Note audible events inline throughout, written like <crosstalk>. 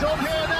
Job here now.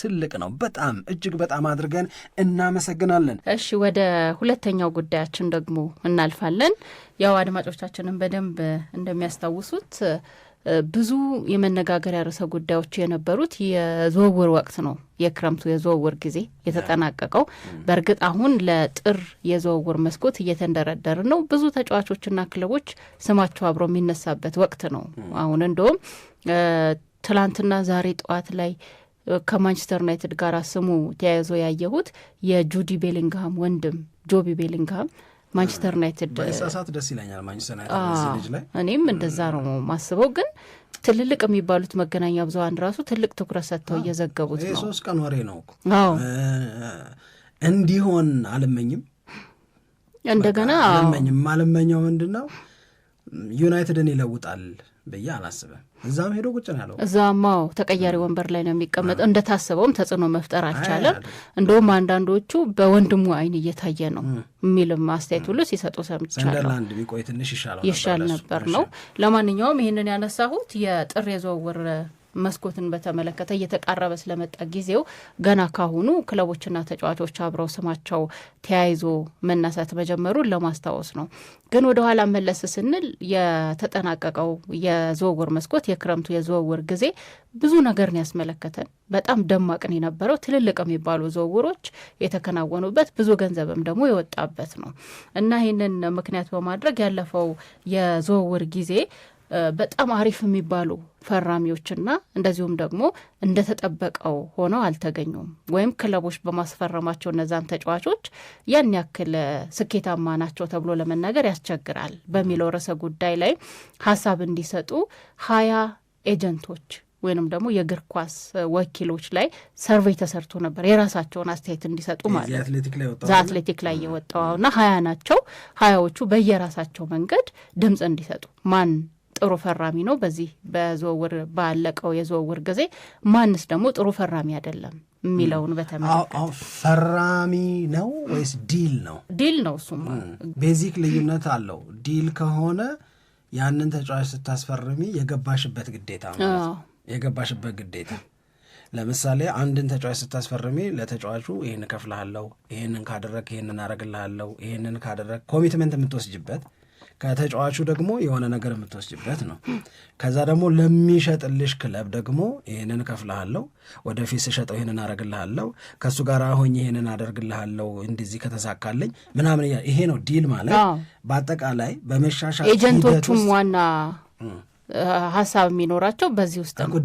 ትልቅ ነው። በጣም እጅግ በጣም አድርገን እናመሰግናለን። እሺ ወደ ሁለተኛው ጉዳያችን ደግሞ እናልፋለን። ያው አድማጮቻችንን በደንብ እንደሚያስታውሱት ብዙ የመነጋገሪያ ርዕሰ ጉዳዮች የነበሩት የዝውውር ወቅት ነው። የክረምቱ የዝውውር ጊዜ የተጠናቀቀው በእርግጥ አሁን ለጥር የዝውውር መስኮት እየተንደረደር ነው። ብዙ ተጫዋቾችና ክለቦች ስማቸው አብሮ የሚነሳበት ወቅት ነው። አሁን እንደውም ትላንትና ዛሬ ጠዋት ላይ ከማንቸስተር ዩናይትድ ጋር ስሙ ተያይዞ ያየሁት የጁዲ ቤሊንግሃም ወንድም ጆቢ ቤሊንግሃም ማንቸስተር ዩናይትድ በእሳሳት ደስ ይለኛል። ማንቸስተር ዩናይትድ ላይ እኔም እንደዛ ነው ማስበው። ግን ትልልቅ የሚባሉት መገናኛ ብዙሃን ራሱ ትልቅ ትኩረት ሰጥተው እየዘገቡት ነው። ሶስት ቀን ወሬ ነው። አዎ እንዲሆን አልመኝም። እንደገና አልመኝም። አልመኘው ምንድን ነው ዩናይትድን ይለውጣል ብዬ አላስብም። እዛም ሄዶ ቁጭ ነው ያለው። እዛማው ተቀያሪ ወንበር ላይ ነው የሚቀመጠው። እንደታሰበውም ተጽዕኖ መፍጠር አልቻለም። እንደውም አንዳንዶቹ በወንድሙ አይን እየታየ ነው የሚልም አስተያየት ሁሉ ሲሰጡ ሰምቻለሁ። ቢቆይ ትንሽ ይሻል ነበር ነው። ለማንኛውም ይህንን ያነሳሁት የጥር የዝውውር መስኮትን በተመለከተ እየተቃረበ ስለመጣ ጊዜው ገና ካሁኑ ክለቦችና ተጫዋቾች አብረው ስማቸው ተያይዞ መነሳት መጀመሩን ለማስታወስ ነው። ግን ወደኋላ መለስ ስንል የተጠናቀቀው የዝውውር መስኮት የክረምቱ የዝውውር ጊዜ ብዙ ነገርን ያስመለከተን በጣም ደማቅን የነበረው ትልልቅ የሚባሉ ዝውውሮች የተከናወኑበት ብዙ ገንዘብም ደግሞ የወጣበት ነው እና ይህንን ምክንያት በማድረግ ያለፈው የዝውውር ጊዜ በጣም አሪፍ የሚባሉ ፈራሚዎችና እንደዚሁም ደግሞ እንደተጠበቀው ሆነው አልተገኙም ወይም ክለቦች በማስፈረማቸው እነዛን ተጫዋቾች ያን ያክል ስኬታማ ናቸው ተብሎ ለመናገር ያስቸግራል በሚለው ርዕሰ ጉዳይ ላይ ሀሳብ እንዲሰጡ ሀያ ኤጀንቶች ወይንም ደግሞ የእግር ኳስ ወኪሎች ላይ ሰርቬይ ተሰርቶ ነበር የራሳቸውን አስተያየት እንዲሰጡ ማለት አትሌቲክ ላይ የወጣውና ሀያ ናቸው ሀያዎቹ በየራሳቸው መንገድ ድምፅ እንዲሰጡ ማን ጥሩ ፈራሚ ነው። በዚህ በዝውውር ባለቀው የዝውውር ጊዜ ማንስ ደግሞ ጥሩ ፈራሚ አይደለም የሚለውን በተመለከተ ፈራሚ ነው ወይስ ዲል ነው? ዲል ነው። እሱማ ቤዚክ ልዩነት አለው። ዲል ከሆነ ያንን ተጫዋች ስታስፈርሚ የገባሽበት ግዴታ ማለት የገባሽበት ግዴታ ለምሳሌ አንድን ተጫዋች ስታስፈርሚ ለተጫዋቹ ይህን እከፍልሃለሁ፣ ይህንን ካደረግ ይህንን አረግልሃለሁ፣ ይህንን ካደረግ ኮሚትመንት የምትወስጅበት ከተጫዋቹ ደግሞ የሆነ ነገር የምትወስጅበት ነው። ከዛ ደግሞ ለሚሸጥልሽ ክለብ ደግሞ ይህንን እከፍልሃለሁ፣ ወደፊት ስሸጠው ይህንን አረግልሃለሁ፣ ከእሱ ጋር አሁኝ ይህንን አደርግልሃለሁ፣ እንዲዚህ ከተሳካለኝ ምናምን ይሄ ነው ዲል ማለት። በአጠቃላይ በመሻሻል ኤጀንቶቹም ዋና ሀሳብ የሚኖራቸው በዚህ ውስጥ ነው፣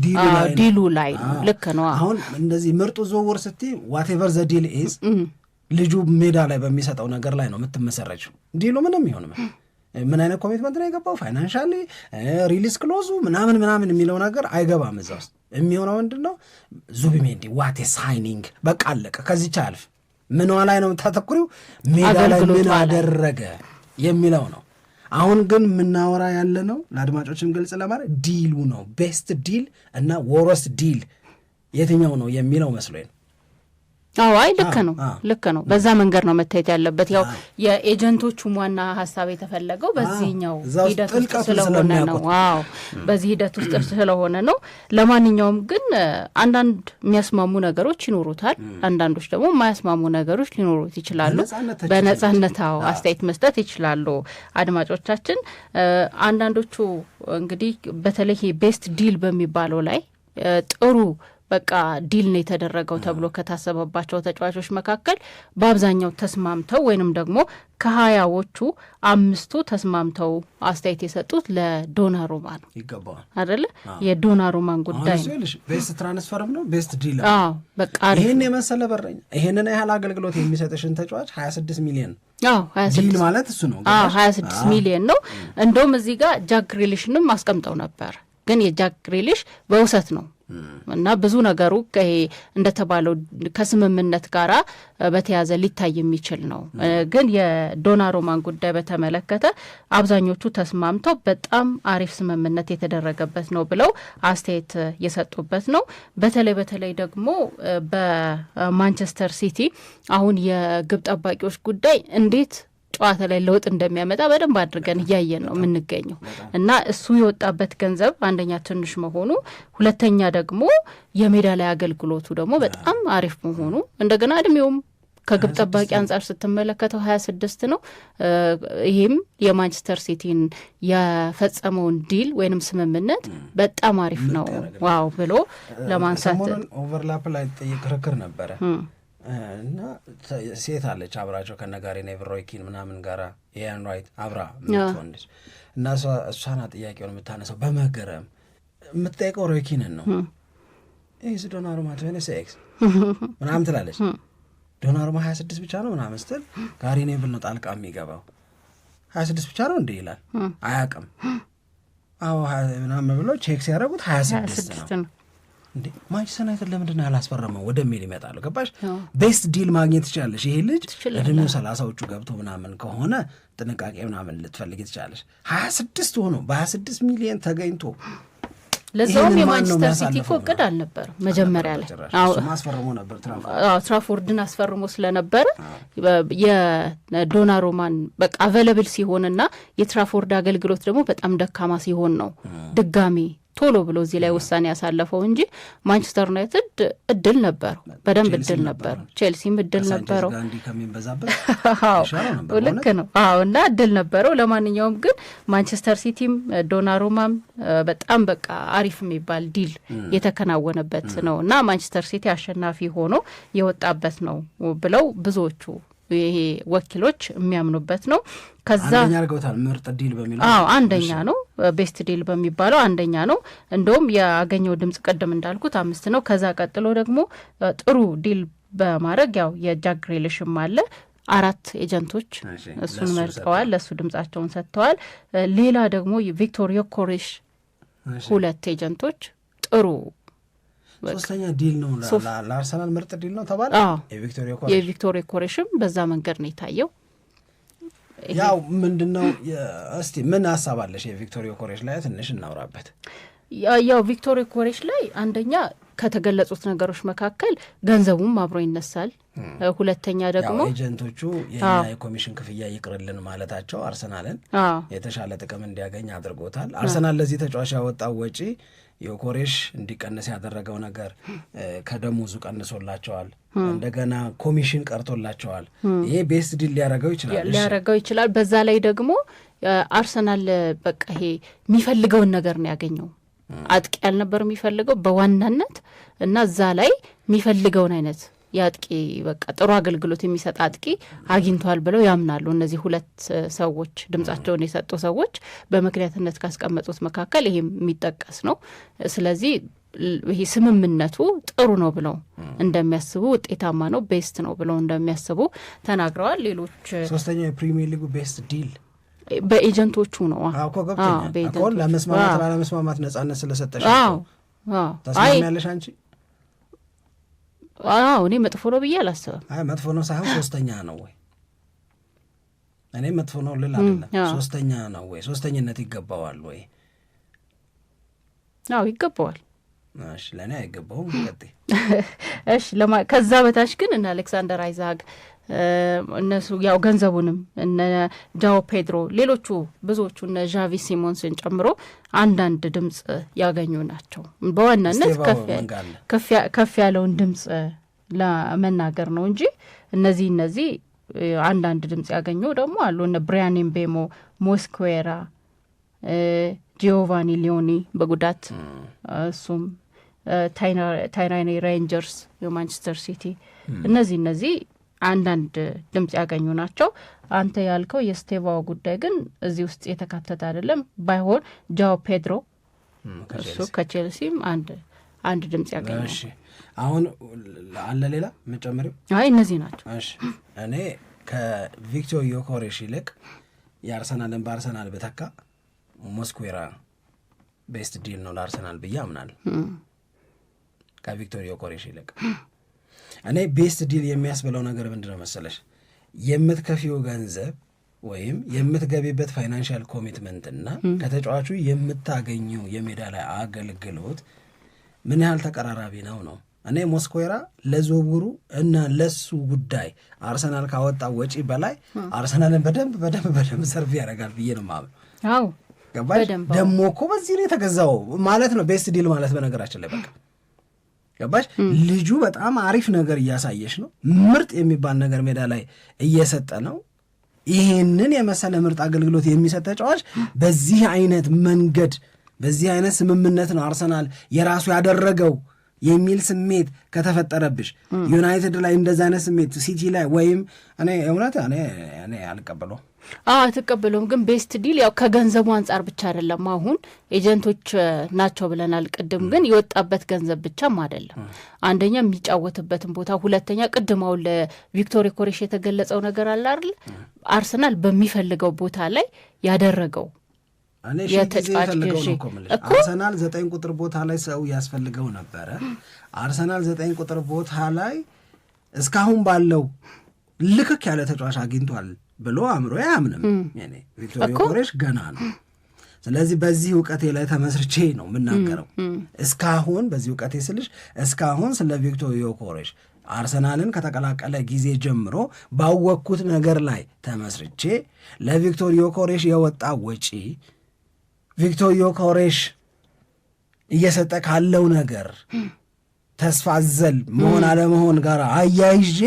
ዲሉ ላይ ነው። ልክ ነው። አሁን እንደዚህ ምርጡ ዝውውር ስትይ ዋቴቨር ዘ ዲል ኢዝ ልጁ ሜዳ ላይ በሚሰጠው ነገር ላይ ነው የምትመሰረችው። ዲሉ ምንም ይሁን ምን ምን አይነት ኮሚትመንት ነው የገባው ፋይናንሻሊ ሪሊስ ክሎዙ ምናምን ምናምን የሚለው ነገር አይገባም እዛ ውስጥ የሚሆነው ምንድን ነው ዙቢሜንዲ ዋቴ ሳይኒንግ በቃ አለቀ ከዚች አልፍ ምንዋ ላይ ነው የምታተኩሪው ሜዳ ላይ ምን አደረገ የሚለው ነው አሁን ግን የምናወራ ያለ ነው ለአድማጮችም ግልጽ ለማድረግ ዲሉ ነው ቤስት ዲል እና ወረስት ዲል የትኛው ነው የሚለው መስሎኝ ነው አዋይ ልክ ነው ልክ ነው። በዛ መንገድ ነው መታየት ያለበት። ያው የኤጀንቶቹም ዋና ሀሳብ የተፈለገው በዚህኛው ሂደት ውስጥ ስለሆነ ነው። አዎ በዚህ ሂደት ውስጥ ስለሆነ ነው። ለማንኛውም ግን አንዳንድ የሚያስማሙ ነገሮች ይኖሩታል፣ አንዳንዶች ደግሞ የማያስማሙ ነገሮች ሊኖሩት ይችላሉ። በነጻነት አስተያየት መስጠት ይችላሉ አድማጮቻችን። አንዳንዶቹ እንግዲህ በተለይ ቤስት ዲል በሚባለው ላይ ጥሩ በቃ ዲል ነው የተደረገው ተብሎ ከታሰበባቸው ተጫዋቾች መካከል በአብዛኛው ተስማምተው ወይንም ደግሞ ከሀያዎቹ አምስቱ ተስማምተው አስተያየት የሰጡት ለዶና ሮማ ነው። ይገባዋል የዶና ሮማን ጉዳይ ቤስት ትራንስፈርም ነው ቤስት ዲል በቃ ይህን የመሰለ በረኛ ይህንን ያህል አገልግሎት የሚሰጥሽን ተጫዋች ሀያ ስድስት ሚሊዮን ዲል ማለት እሱ ነው። ሀያ ስድስት ሚሊዮን ነው። እንደውም እዚህ ጋር ጃክ ግሪሊሽንም አስቀምጠው ነበር፣ ግን የጃክ ግሪሊሽ በውሰት ነው እና ብዙ ነገሩ ይሄ እንደተባለው ከስምምነት ጋራ በተያዘ ሊታይ የሚችል ነው። ግን የዶናሩማን ጉዳይ በተመለከተ አብዛኞቹ ተስማምተው በጣም አሪፍ ስምምነት የተደረገበት ነው ብለው አስተያየት የሰጡበት ነው። በተለይ በተለይ ደግሞ በማንቸስተር ሲቲ አሁን የግብ ጠባቂዎች ጉዳይ እንዴት ጨዋታ ላይ ለውጥ እንደሚያመጣ በደንብ አድርገን እያየን ነው የምንገኘው እና እሱ የወጣበት ገንዘብ አንደኛ ትንሽ መሆኑ፣ ሁለተኛ ደግሞ የሜዳ ላይ አገልግሎቱ ደግሞ በጣም አሪፍ መሆኑ እንደገና እድሜውም ከግብ ጠባቂ አንጻር ስትመለከተው ሀያ ስድስት ነው። ይህም የማንቸስተር ሲቲን የፈጸመውን ዲል ወይንም ስምምነት በጣም አሪፍ ነው ዋው ብሎ ለማንሳት ኦቨርላፕ ላይ ክርክር ነበረ እና ሴት አለች አብራቸው ከነጋሪ ኔቭል ሮይ ምናምን ጋራ ኤያን ራይት አብራ ምትሆንች እና እሷና ጥያቄውን የምታነሳው በመገረም የምትጠይቀው ሮይኪንን ነው። ይህ ዶናሩማ ትሆነ ሴክስ ምናምን ትላለች። ዶናሩማ ሀያ ስድስት ብቻ ነው ምናምን ስትል ጋሪ ኔቭል ነው ጣልቃ የሚገባው። ሀያ ስድስት ብቻ ነው እንዲህ ይላል። አያውቅም። አዎ ምናምን ብሎ ቼክ ሲያደርጉት ሀያ ስድስት ነው እንዴ ማንቸስተር ዩናይትድ ለምንድን አላስፈረመው ወደሚል ይመጣሉ። ገባሽ? ቤስት ዲል ማግኘት ትችላለሽ። ይሄ ልጅ እድሜው ሰላሳዎቹ ገብቶ ምናምን ከሆነ ጥንቃቄ ምናምን ልትፈልግ ትችላለሽ። ሀያ ስድስት ሆኖ በሀያ ስድስት ሚሊየን ተገኝቶ ለዛውም የማንቸስተር ሲቲ እኮ እቅድ አልነበረም መጀመሪያ ላይ አስፈርሞ ነበር። ትራፎርድን አስፈርሞ ስለነበረ የዶናሮማን በቃ አቬለብል ሲሆንና የትራፎርድ አገልግሎት ደግሞ በጣም ደካማ ሲሆን ነው ድጋሚ ቶሎ ብሎ እዚህ ላይ ውሳኔ ያሳለፈው እንጂ ማንቸስተር ዩናይትድ እድል ነበረው፣ በደንብ እድል ነበረው። ቼልሲም እድል ነበረው። <laughs> ልክ ነው። አዎ እና እድል ነበረው። ለማንኛውም ግን ማንቸስተር ሲቲም ዶናሩማም በጣም በቃ አሪፍ የሚባል ዲል የተከናወነበት ነው እና ማንቸስተር ሲቲ አሸናፊ ሆኖ የወጣበት ነው ብለው ብዙዎቹ ይሄ ወኪሎች የሚያምኑበት ነው። ከዛ ያርገውታል ምርጥ ዲል በሚለው አንደኛ ነው፣ ቤስት ዲል በሚባለው አንደኛ ነው። እንደውም ያገኘው ድምጽ ቅድም እንዳልኩት አምስት ነው። ከዛ ቀጥሎ ደግሞ ጥሩ ዲል በማድረግ ያው የጃክ ግሪሊሽም አለ አራት ኤጀንቶች እሱን መርጠዋል፣ ለእሱ ድምጻቸውን ሰጥተዋል። ሌላ ደግሞ ቪክቶር ዮኬሬሽ ሁለት ኤጀንቶች ጥሩ ሶስተኛ ዲል ነው ለአርሰናል ምርጥ ዲል ነው ተባለ። የቪክቶር ኮሬሽም በዛ መንገድ ነው የታየው። ያው ምንድነው እስቲ ምን ሀሳብ አለሽ? ኮሬሽ ላይ ትንሽ እናውራበት። ያው ቪክቶሪ ኮሬሽ ላይ አንደኛ ከተገለጹት ነገሮች መካከል ገንዘቡም አብሮ ይነሳል። ሁለተኛ ደግሞ ኤጀንቶቹ የኮሚሽን ክፍያ ይቅርልን ማለታቸው አርሰናልን የተሻለ ጥቅም እንዲያገኝ አድርጎታል። አርሰናል ለዚህ ተጫዋች ያወጣው ወጪ የኮሬሽ እንዲቀንስ ያደረገው ነገር ከደሞዙ ቀንሶላቸዋል። እንደገና ኮሚሽን ቀርቶላቸዋል። ይሄ ቤስት ዲል ሊያረገው ይችላል ሊያረገው ይችላል። በዛ ላይ ደግሞ አርሰናል በቃ ይሄ የሚፈልገውን ነገር ነው ያገኘው። አጥቂ ያልነበር የሚፈልገው በዋናነት እና እዛ ላይ የሚፈልገውን አይነት የአጥቂ በቃ ጥሩ አገልግሎት የሚሰጥ አጥቂ አግኝቷል ብለው ያምናሉ። እነዚህ ሁለት ሰዎች ድምጻቸውን የሰጡ ሰዎች በምክንያትነት ካስቀመጡት መካከል ይሄ የሚጠቀስ ነው። ስለዚህ ይሄ ስምምነቱ ጥሩ ነው ብለው እንደሚያስቡ ውጤታማ ነው ቤስት ነው ብለው እንደሚያስቡ ተናግረዋል። ሌሎች ሶስተኛው የፕሪሚየር ሊጉ ቤስት ዲል በኤጀንቶቹ ነው እኮ ገብቶኛል ለመስማማት ላለመስማማት ነጻነት ስለሰጠሽ ተስማሚያለሽ አንቺ አዎ እኔ መጥፎ ነው ብዬ አላስብም መጥፎ ነው ሳይሆን ሶስተኛ ነው ወይ እኔ መጥፎ ነው ልል አይደለም ሶስተኛ ነው ወይ ሶስተኝነት ይገባዋል ወይ አዎ ይገባዋል እሺ ለእኔ አይገባውም ቀጤ <laughs> እሺ ከዛ በታች ግን እነ አሌክሳንደር አይዛግ እነሱ ያው ገንዘቡንም እነ ጃው ፔድሮ ሌሎቹ ብዙዎቹ እነ ዣቪ ሲሞንስን ጨምሮ አንዳንድ ድምፅ ያገኙ ናቸው። በዋናነት ከፍ ያለውን ድምፅ ለመናገር ነው እንጂ እነዚህ እነዚህ አንዳንድ ድምፅ ያገኙ ደግሞ አሉ። እነ ብሪያን ምቤሞ፣ ሞስኩዌራ፣ ጂዮቫኒ ሊዮኒ በጉዳት እሱም ታይራኒ ሬንጀርስ የማንቸስተር ሲቲ እነዚህ እነዚህ አንዳንድ ድምጽ ያገኙ ናቸው። አንተ ያልከው የስቴቫው ጉዳይ ግን እዚህ ውስጥ የተካተተ አይደለም። ባይሆን ጃው ፔድሮ እሱ ከቼልሲም አንድ አንድ ድምጽ ያገኘ። አሁን አለ ሌላ መጨመሪው? አይ እነዚህ ናቸው። እሺ እኔ ከቪክቶር ዮኮሬሽ ይልቅ የአርሰናልን በአርሰናል በተካ ሞስኩዌራ ቤስት ዲል ነው ለአርሰናል ብዬ አምናለሁ ከቪክቶር ዮኮሬሽ ይልቅ እኔ ቤስት ዲል የሚያስብለው ነገር ምንድነው መሰለሽ የምትከፊው ገንዘብ ወይም የምትገቢበት ፋይናንሻል ኮሚትመንት እና ከተጫዋቹ የምታገኘው የሜዳ ላይ አገልግሎት ምን ያህል ተቀራራቢ ነው ነው። እኔ ሞስኮራ ለዝውውሩ እና ለሱ ጉዳይ አርሰናል ካወጣ ወጪ በላይ አርሰናልን በደንብ በደንብ በደንብ ሰርቭ ያደርጋል ብዬ ነው የማምነው። ገባሽ? ደግሞ እኮ በዚህ ነው የተገዛው ማለት ነው ቤስት ዲል ማለት በነገራችን ላይ በቃ ገባሽ ልጁ በጣም አሪፍ ነገር እያሳየች ነው። ምርጥ የሚባል ነገር ሜዳ ላይ እየሰጠ ነው። ይህንን የመሰለ ምርጥ አገልግሎት የሚሰጥ ተጫዋች በዚህ አይነት መንገድ በዚህ አይነት ስምምነት ነው አርሰናል የራሱ ያደረገው የሚል ስሜት ከተፈጠረብሽ ዩናይትድ ላይ እንደዚ አይነት ስሜት ሲቲ ላይ ወይም እኔ እውነት እኔ አልቀበለውም። አዎ አትቀበለውም። ግን ቤስት ዲል ያው ከገንዘቡ አንጻር ብቻ አይደለም። አሁን ኤጀንቶች ናቸው ብለናል ቅድም። ግን የወጣበት ገንዘብ ብቻም አይደለም። አንደኛ የሚጫወትበትን ቦታ፣ ሁለተኛ ቅድም አሁን ለቪክቶሪ ኮሬሽ የተገለጸው ነገር አለ አይደል አርሰናል በሚፈልገው ቦታ ላይ ያደረገው አርሰናል ዘጠኝ ቁጥር ቦታ ላይ ሰው ያስፈልገው ነበረ። አርሰናል ዘጠኝ ቁጥር ቦታ ላይ እስካሁን ባለው ልክክ ያለ ተጫዋች አግኝቷል ብሎ አእምሮ አያምንም። ቪክቶሪ ኮሬሽ ገና ነው። ስለዚህ በዚህ እውቀቴ ላይ ተመስርቼ ነው የምናገረው። እስካሁን በዚህ እውቀቴ ስልሽ እስካሁን ስለ ቪክቶሪ ኮሬሽ አርሰናልን ከተቀላቀለ ጊዜ ጀምሮ ባወቅኩት ነገር ላይ ተመስርቼ ለቪክቶሪ ኮሬሽ የወጣ ወጪ ቪክቶር ዮኮሬሽ እየሰጠ ካለው ነገር ተስፋ ዘል መሆን አለመሆን ጋር አያይዤ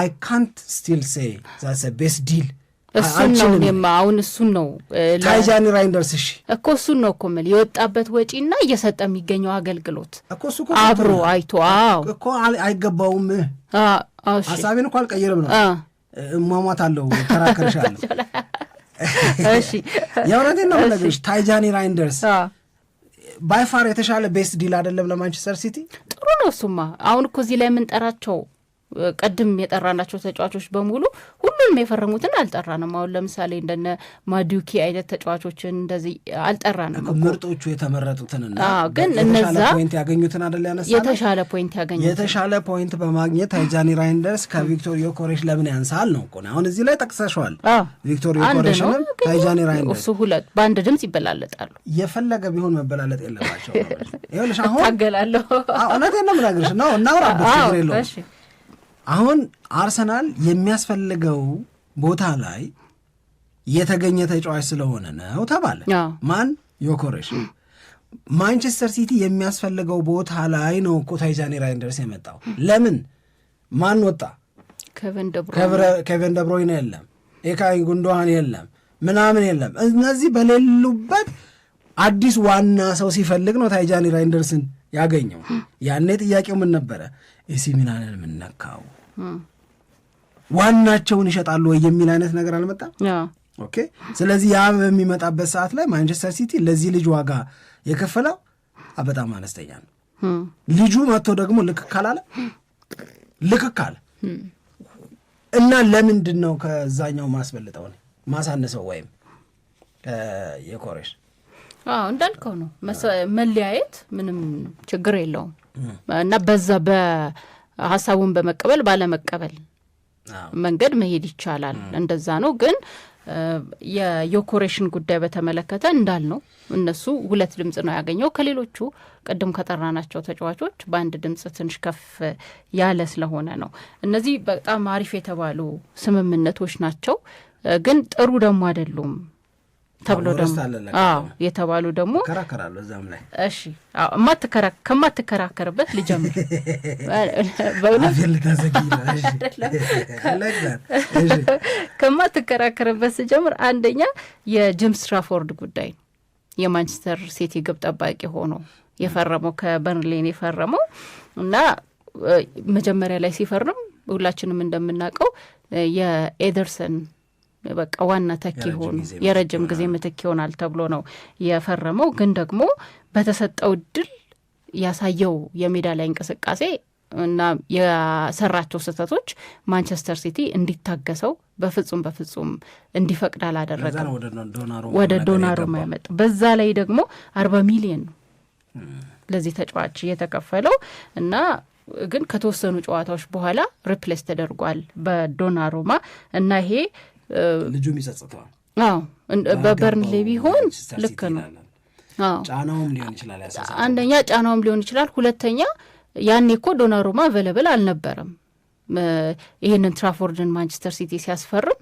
አይ ካንት ስቲል ሴ ዛሰ ቤስ ዲል እሱን አሁን እሱን ነው ታይጃኒ ራይንደርስ እሺ እኮ እሱን ነው እኮ ምል የወጣበት ወጪ እና እየሰጠ የሚገኘው አገልግሎት እኮ እሱ አብሮ አይቶ እኮ አይገባውም ሀሳቤን እኮ አልቀየርም ነው እሟሟት አለው ተራከርሻለሁ የእውነቴን ነው የምነግርሽ። ታይጃኒ ራይንደርስ ባይፋር የተሻለ ቤስት ዲል አይደለም ለማንቸስተር ሲቲ ጥሩ ነው እሱማ። አሁን እኮ እዚህ ላይ የምንጠራቸው ቅድም የጠራናቸው ተጫዋቾች በሙሉ ሁሉንም የፈረሙትን አልጠራንም። አሁን ለምሳሌ እንደነ ማዱኪ አይነት ተጫዋቾችን እንደዚህ አልጠራንም። ምርጦቹ የተመረጡትን ግን እነዛ ያገኙትን አደለ ያነሳ የተሻለ ፖይንት ያገኙ የተሻለ ፖይንት በማግኘት ታይጃኒ ራይንደርስ ከቪክቶር ዮኮሬሽ ለምን ያንሳል ነው እኮ አሁን እዚህ ላይ ጠቅሰሸዋል። ቪክቶር ዮኮሬሽንም ታይጃኒ ራይንደርስ እሱ ሁለት በአንድ ድምፅ ይበላለጣሉ። የፈለገ ቢሆን መበላለጥ የለባቸው። <laughs> ይኸውልሽ አሁን ታገላለሁ። እውነቴን ነው የምናገርሽ ነው እናውራበት ችግር የለውም አሁን አርሰናል የሚያስፈልገው ቦታ ላይ የተገኘ ተጫዋች ስለሆነ ነው ተባለ። ማን? ዮኮሬሽ። ማንቸስተር ሲቲ የሚያስፈልገው ቦታ ላይ ነው እኮ ታይዛኒ ራይንደርስ የመጣው። ለምን? ማን ወጣ? ኬቨን ደብሮይን የለም፣ ኤካይ ጉንዶሃን የለም፣ ምናምን የለም። እነዚህ በሌሉበት አዲስ ዋና ሰው ሲፈልግ ነው ታይጃኒ ራይንደርስን ያገኘው። ያኔ ጥያቄው ምን ነበረ? ኤሲ ሚላንን የምነካው ዋናቸውን ይሸጣሉ ወይ የሚል አይነት ነገር አልመጣም። ኦኬ ስለዚህ ያ በሚመጣበት ሰዓት ላይ ማንቸስተር ሲቲ ለዚህ ልጅ ዋጋ የከፈለው በጣም አነስተኛ ነው። ልጁ መጥቶ ደግሞ ልክ ካላለ ልክ ካለ እና ለምንድን ነው ከዛኛው ማስበልጠው ነው ማሳነሰው ወይም የኮሬሽ እንዳልከው ነው መለያየት ምንም ችግር የለውም እና በዛ ሀሳቡን በመቀበል ባለመቀበል መንገድ መሄድ ይቻላል። እንደዛ ነው። ግን የዮኮሬሽን ጉዳይ በተመለከተ እንዳል ነው እነሱ ሁለት ድምጽ ነው ያገኘው ከሌሎቹ ቅድም ከጠራናቸው ተጫዋቾች በአንድ ድምጽ ትንሽ ከፍ ያለ ስለሆነ ነው። እነዚህ በጣም አሪፍ የተባሉ ስምምነቶች ናቸው፣ ግን ጥሩ ደግሞ አይደሉም። ተብሎ ደግሞ የተባሉ ደግሞ እሺ ከማትከራከርበት ልጀምር። <laughs> <laughs> ከማትከራከርበት ስጀምር አንደኛ የጂምስ ራፎርድ ጉዳይ የማንቸስተር ሲቲ ግብ ጠባቂ ሆኖ የፈረመው ከበርንሌን የፈረመው እና መጀመሪያ ላይ ሲፈርም ሁላችንም እንደምናውቀው የኤደርሰን በቃ ዋና ተኪ ሆኑ የረጅም ጊዜ ምትክ ይሆናል ተብሎ ነው የፈረመው። ግን ደግሞ በተሰጠው እድል ያሳየው የሜዳ ላይ እንቅስቃሴ እና የሰራቸው ስህተቶች ማንቸስተር ሲቲ እንዲታገሰው በፍጹም በፍጹም እንዲፈቅድ አላደረገም። ወደ ዶናሩማ ያመጣ በዛ ላይ ደግሞ አርባ ሚሊየን ለዚህ ተጫዋች የተከፈለው እና ግን ከተወሰኑ ጨዋታዎች በኋላ ሪፕሌስ ተደርጓል በዶናሩማ እና ይሄ ልጁም ይጸጽተዋል። በበርንሌ ቢሆን ልክ ነው። ጫናውም ሊሆን ይችላል። አንደኛ ጫናውም ሊሆን ይችላል። ሁለተኛ ያኔ እኮ ዶናሩማ አቬለብል አልነበረም። ይህንን ትራፎርድን ማንቸስተር ሲቲ ሲያስፈርም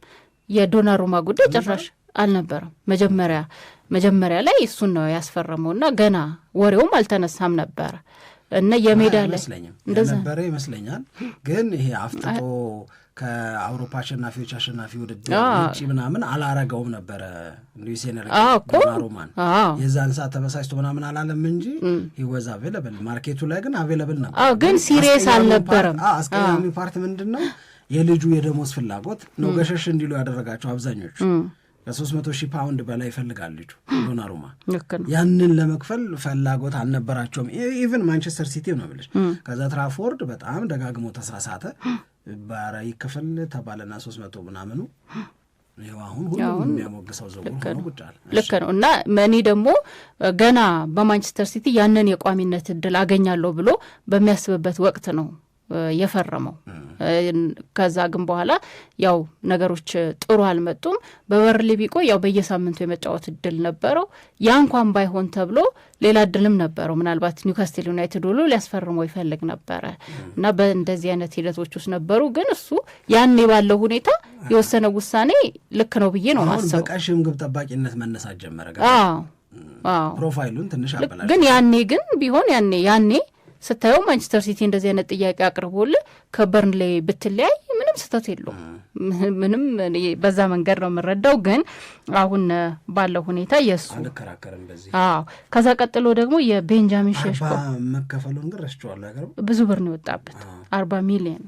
የዶናሩማ ጉዳይ ጭራሽ አልነበረም። መጀመሪያ መጀመሪያ ላይ እሱን ነው ያስፈረመው ያስፈረመውና ገና ወሬውም አልተነሳም ነበረ እና የሜዳ ላይ ይመስለኛል ነበረ ይመስለኛል ግን ይሄ አፍጥጦ ከአውሮፓ አሸናፊዎች አሸናፊ ውድድር ውጭ ምናምን አላረገውም ነበረ ሉዊስ ኤንሪኬ ዶናሩማን የዛን ሰዓት ተበሳጭቶ ምናምን አላለም እንጂ ሂወዝ አቬለብል ማርኬቱ ላይ ግን አቬለብል ነበር፣ ግን ሲሪየስ አልነበረም። አስቀያሚ ፓርት ምንድን ነው? የልጁ የደሞዝ ፍላጎት ነው ገሸሽ እንዲሉ ያደረጋቸው አብዛኞቹ ከሶስት መቶ ሺህ ፓውንድ በላይ ይፈልጋል ልጁ ዶናሩማ። ያንን ለመክፈል ፈላጎት አልነበራቸውም። ኢቨን ማንቸስተር ሲቲ ነው ብለሽ ከዛ ትራፎርድ በጣም ደጋግሞ ተሳሳተ። ባራ ይክፈል ተባለና ሶስት መቶ ምናምኑ አሁን ሁሉም የሚያሞግሰው ልክ ነው። እና መኒ ደግሞ ገና በማንቸስተር ሲቲ ያንን የቋሚነት እድል አገኛለሁ ብሎ በሚያስብበት ወቅት ነው የፈረመው ከዛ ግን በኋላ ያው ነገሮች ጥሩ አልመጡም። በበርሊ ቢቆ ያው በየሳምንቱ የመጫወት እድል ነበረው። ያ እንኳን ባይሆን ተብሎ ሌላ እድልም ነበረው። ምናልባት ኒውካስቴል ዩናይትድ ሁሉ ሊያስፈርመው ይፈልግ ነበረ እና በእንደዚህ አይነት ሂደቶች ውስጥ ነበሩ። ግን እሱ ያኔ ባለው ሁኔታ የወሰነ ውሳኔ ልክ ነው ብዬ ነው ማሰብ። በቃሽም ግብ ጠባቂነት መነሳት ጀመረ። ፕሮፋይሉን ትንሽ ግን ያኔ ግን ቢሆን ያኔ ያኔ ስታየው ማንቸስተር ሲቲ እንደዚህ አይነት ጥያቄ አቅርቦል ከበርንሌ ብትለያይ ምንም ስህተት የለውም። ምንም በዛ መንገድ ነው የምረዳው። ግን አሁን ባለው ሁኔታ የእሱ አዎ። ከዛ ቀጥሎ ደግሞ የቤንጃሚን ሼሽኮ መከፈሉን ግን ረስቼዋለሁ። ብዙ ብር ነው የወጣበት አርባ ሚሊየን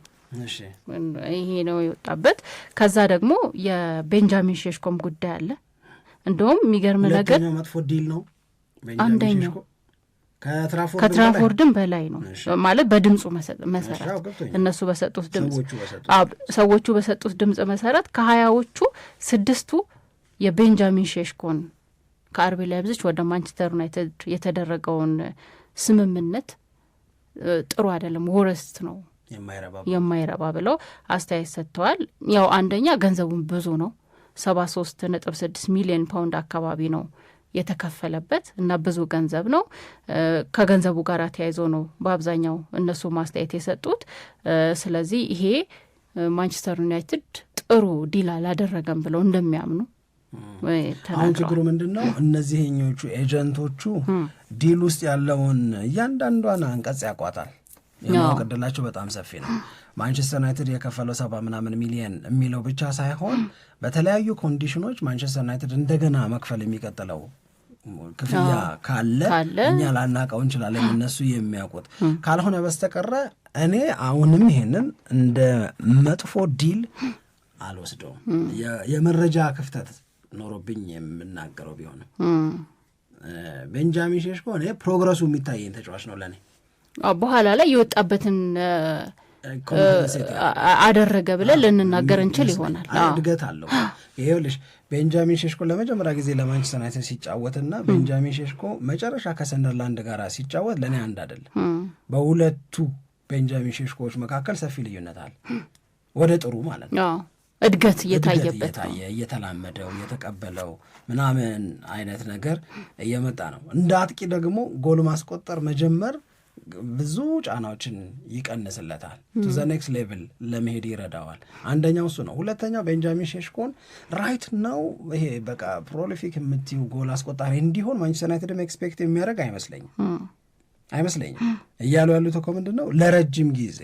ይሄ ነው የወጣበት። ከዛ ደግሞ የቤንጃሚን ሸሽኮም ጉዳይ አለ። እንደውም የሚገርም ነገር መጥፎ ዲል ነው አንደኛው ከትራፎርድም በላይ ነው ማለት በድምፁ መሰረት እነሱ በሰጡት ድምፅ ሰዎቹ በሰጡት ድምፅ መሰረት ከሀያዎቹ ስድስቱ የቤንጃሚን ሼሽኮን ከአርቢ ላይብዝች ወደ ማንቸስተር ዩናይትድ የተደረገውን ስምምነት ጥሩ አይደለም፣ ወረስት ነው፣ የማይረባ ብለው አስተያየት ሰጥተዋል። ያው አንደኛ ገንዘቡን ብዙ ነው፣ ሰባ ሶስት ነጥብ ስድስት ሚሊዮን ፓውንድ አካባቢ ነው የተከፈለበት እና ብዙ ገንዘብ ነው። ከገንዘቡ ጋር ተያይዞ ነው በአብዛኛው እነሱ ማስተያየት የሰጡት። ስለዚህ ይሄ ማንቸስተር ዩናይትድ ጥሩ ዲል አላደረገም ብለው እንደሚያምኑ አሁን ችግሩ ምንድን ነው? እነዚህኞቹ ኤጀንቶቹ ዲል ውስጥ ያለውን እያንዳንዷን አንቀጽ ያቋጣል። የማወቅ በጣም ሰፊ ነው። ማንቸስተር ዩናይትድ የከፈለው ሰባ ምናምን ሚሊየን የሚለው ብቻ ሳይሆን በተለያዩ ኮንዲሽኖች ማንቸስተር ዩናይትድ እንደገና መክፈል የሚቀጥለው ክፍያ ካለ እኛ ላናቀው እንችላለን፣ እነሱ የሚያውቁት ካልሆነ በስተቀረ እኔ አሁንም ይሄንን እንደ መጥፎ ዲል አልወስደውም። የመረጃ ክፍተት ኖሮብኝ የምናገረው ቢሆንም ቤንጃሚን ሼሽኮ እኔ ፕሮግረሱ የሚታየኝ ተጫዋች ነው። ለእኔ በኋላ ላይ የወጣበትን አደረገ ብለን ልንናገር እንችል ይሆናል። እድገት አለው ይሄ ልሽ ቤንጃሚን ሼሽኮ ለመጀመሪያ ጊዜ ለማንቸስተር ዩናይትድ ሲጫወትና ቤንጃሚን ሼሽኮ መጨረሻ ከሰንደርላንድ ጋር ሲጫወት ለእኔ አንድ አይደለም። በሁለቱ ቤንጃሚን ሸሽኮዎች መካከል ሰፊ ልዩነት አለ። ወደ ጥሩ ማለት ነው እድገት እየታየበት እየተላመደው እየተቀበለው ምናምን አይነት ነገር እየመጣ ነው። እንደ አጥቂ ደግሞ ጎል ማስቆጠር መጀመር ብዙ ጫናዎችን ይቀንስለታል። ቱ ዘ ኔክስት ሌቭል ለመሄድ ይረዳዋል። አንደኛው እሱ ነው። ሁለተኛው ቤንጃሚን ሼሽኮን ራይት ነው ይሄ በቃ ፕሮሊፊክ የምትይው ጎል አስቆጣሪ እንዲሆን ማንቸስተር ዩናይትድም ኤክስፔክት የሚያደርግ አይመስለኝም hmm. አይመስለኝም hmm. እያሉ ያሉት እኮ ምንድን ነው ለረጅም ጊዜ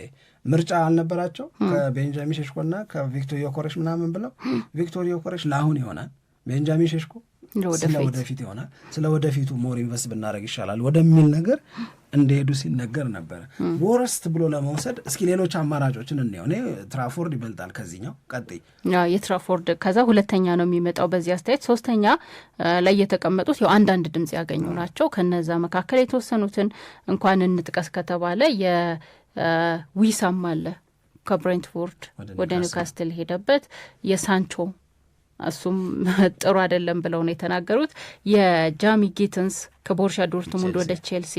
ምርጫ አልነበራቸው hmm. ከቤንጃሚን ሼሽኮና ከቪክቶር ዮኮሬሽ ምናምን ብለው ቪክቶር ዮኮሬሽ ለአሁን ይሆናል ቤንጃሚን ሸሽኮ ስለወደፊት ይሆናል ስለ ወደፊቱ ሞር ኢንቨስት ብናደረግ ይሻላል ወደሚል ነገር እንደሄዱ ሲነገር ነበረ። ወረስት ብሎ ለመውሰድ እስኪ ሌሎች አማራጮችን እንየው። እኔ ትራፎርድ ይበልጣል ከዚህኛው። ቀጥይ የትራፎርድ ከዛ ሁለተኛ ነው የሚመጣው በዚህ አስተያየት። ሶስተኛ ላይ የተቀመጡት ያው አንዳንድ ድምጽ ያገኙ ናቸው። ከነዛ መካከል የተወሰኑትን እንኳን እንጥቀስ ከተባለ የዊሳም አለ ከብሬንትፎርድ ወደ ኒውካስትል ሄደበት የሳንቾ እሱም <laughs> ጥሩ አይደለም ብለው ነው የተናገሩት። የጃሚ ጊትንስ ከቦርሻ ዶርትሙንድ ወደ ቼልሲ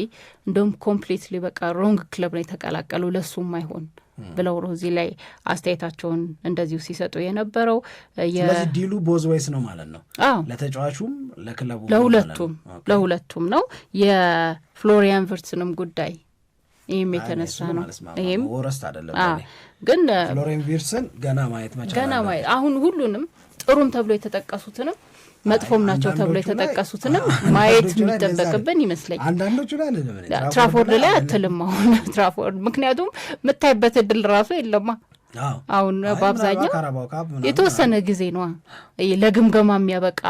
እንደውም ኮምፕሊትሊ በቃ ሮንግ ክለብ ነው የተቀላቀሉ ለሱም አይሆን ብለው ሮዚ ላይ አስተያየታቸውን እንደዚሁ ሲሰጡ የነበረው። ስለዚህ ዲሉ ቦዝዌይስ ነው ማለት ነው። ለተጫዋቹም ለክለቡ፣ ለሁለቱም ለሁለቱም ነው። የፍሎሪያን ቨርትስንም ጉዳይ ይህም የተነሳ ነው። ይህም ወረስት አይደለም ግን ፍሎሬን ቪርስን ገና ማየት መቻል ገና ማየት አሁን ሁሉንም ጥሩም ተብሎ የተጠቀሱትንም መጥፎም ናቸው ተብሎ የተጠቀሱትንም ማየት የሚጠበቅብን ይመስለኛል። አንዳንዶቹ ትራፎርድ ላይ አትልም አሁን <laughs> ትራፎርድ ምክንያቱም የምታይበት እድል ራሱ የለማ። አሁን በአብዛኛው የተወሰነ ጊዜ ነው ለግምገማ የሚያበቃ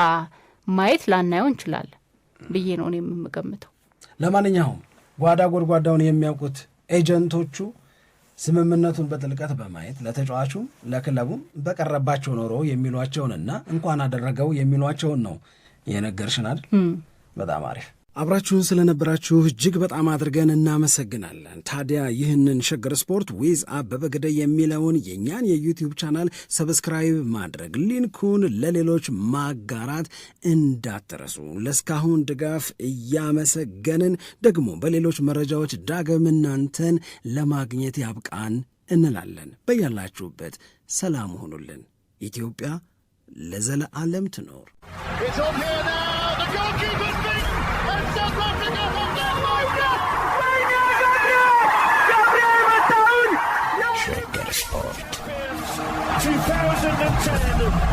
ማየት ላናየው እንችላለን ብዬ ነው እኔ የምገምተው። ለማንኛውም ጓዳ ጎድጓዳውን የሚያውቁት ኤጀንቶቹ ስምምነቱን በጥልቀት በማየት ለተጫዋቹም ለክለቡም በቀረባቸው ኖሮ የሚሏቸውንና እንኳን አደረገው የሚሏቸውን ነው የነገርሽን አይደል? በጣም አሪፍ አብራችሁን ስለነበራችሁ እጅግ በጣም አድርገን እናመሰግናለን። ታዲያ ይህንን ሸገር ስፖርት ዊዝ አበበ ገደይ የሚለውን የእኛን የዩቲዩብ ቻናል ሰብስክራይብ ማድረግ፣ ሊንኩን ለሌሎች ማጋራት እንዳትረሱ። ለእስካሁን ድጋፍ እያመሰገንን ደግሞ በሌሎች መረጃዎች ዳግም እናንተን ለማግኘት ያብቃን እንላለን። በያላችሁበት ሰላም ሆኑልን። ኢትዮጵያ ለዘለዓለም ትኖር። 2010